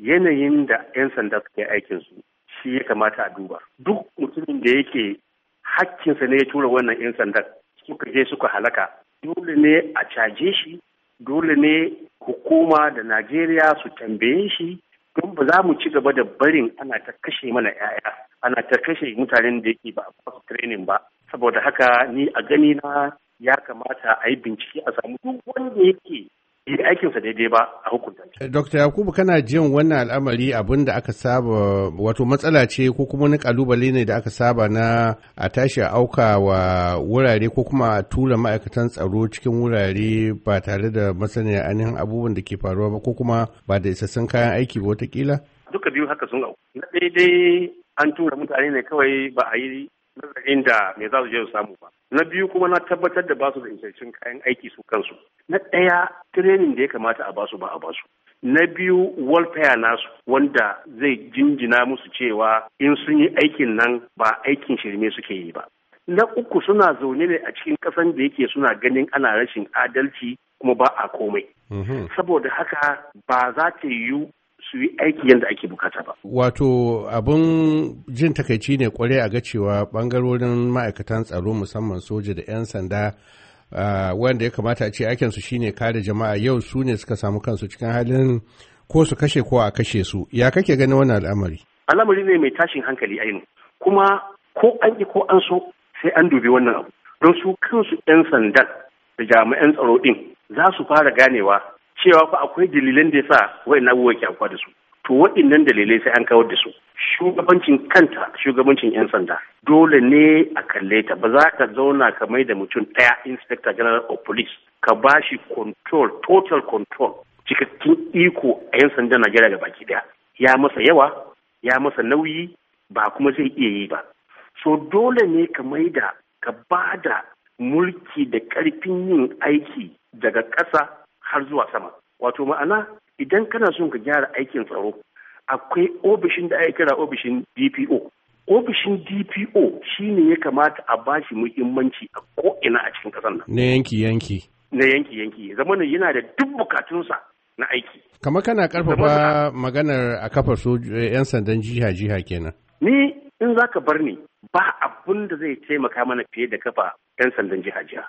yanayin da 'yan sanda suke aikin su shi ya kamata a duba duk mutumin da yake hakkinsa ne ya tura wannan 'yan sanda suka je suka halaka dole ne a caje shi dole ne hukuma da najeriya su tambaye shi don ba za mu ci gaba da barin ana ta kashe mana 'ya'ya ana ta kashe mutanen da yake ba a training ba saboda haka ni a gani na ya kamata a yi bincike a samu duk wanda yake yi aikinsa daidai ba a hukunta shi. Dr. Yakubu kana jin wannan al'amari abin da aka saba wato matsala ce ko kuma wani kalubale ne da aka saba na a tashi a auka wa wurare ko kuma a tura ma'aikatan tsaro cikin wurare ba tare da masaniya ainihin abubuwan da ke faruwa ba ko kuma ba da isassun kayan aiki ba watakila? Duka biyu haka sun au. Na daidai an tura mutane ne kawai ba a yi nazarin da me za su je su samu ba. na biyu kuma na tabbatar da basu da isassun kayan aiki su kansu na ɗaya tirenin da ya kamata a basu ba a basu na biyu welfare nasu wanda zai jinjina musu cewa in sun yi aikin nan ba aikin shirme suke yi ba na uku suna zaune ne a cikin ƙasan da yake suna ganin ana rashin adalci kuma ba a komai mhm. saboda haka ba za ta yiwu su yi aiki yadda ake bukata ba. Wato abun jin takaici ne kwarai a ga cewa bangarorin ma'aikatan tsaro musamman soja da 'yan sanda wanda ya kamata a ce aikinsu shine kare jama'a yau su ne suka samu kansu cikin halin ko su kashe ko a kashe su ya kake ganin wannan al'amari. Al'amari ne mai tashin hankali ainihin kuma ko an ko an so sai an dubi wannan abu don su kansu 'yan sandan da jami'an tsaro ɗin, za su fara ganewa cewa fa akwai dalilan da yasa wayannan abubuwa ke akwa da su to waɗannan dalilai sai an kawar da su shugabancin kanta shugabancin 'yan sanda dole ne a kalle ta ba za ka zauna ka mai da mutum ɗaya inspector general of police ka ba shi control total control cikakken iko a 'yan sanda najeriya ga baki daya ya masa yawa ya masa nauyi ba kuma zai iya yi ba so dole ne ka mai da ka ba da mulki da ƙarfin yin aiki daga ƙasa har zuwa sama wato ma'ana idan kana son ka gyara aikin tsaro akwai ofishin da ake kira ofishin dpo ofishin dpo shine ya kamata a bashi muhimmanci a ko'ina a cikin ƙasar nan na yanki yanki na yanki yanki zamanin yana da duk bukatunsa na aiki kamar kana karfafa maganar a kafar eh, 'yan sandan jiha jiha kenan ni in za ka bar ni ba abun da zai taimaka mana fiye da kafa 'yan sandan jiha jiha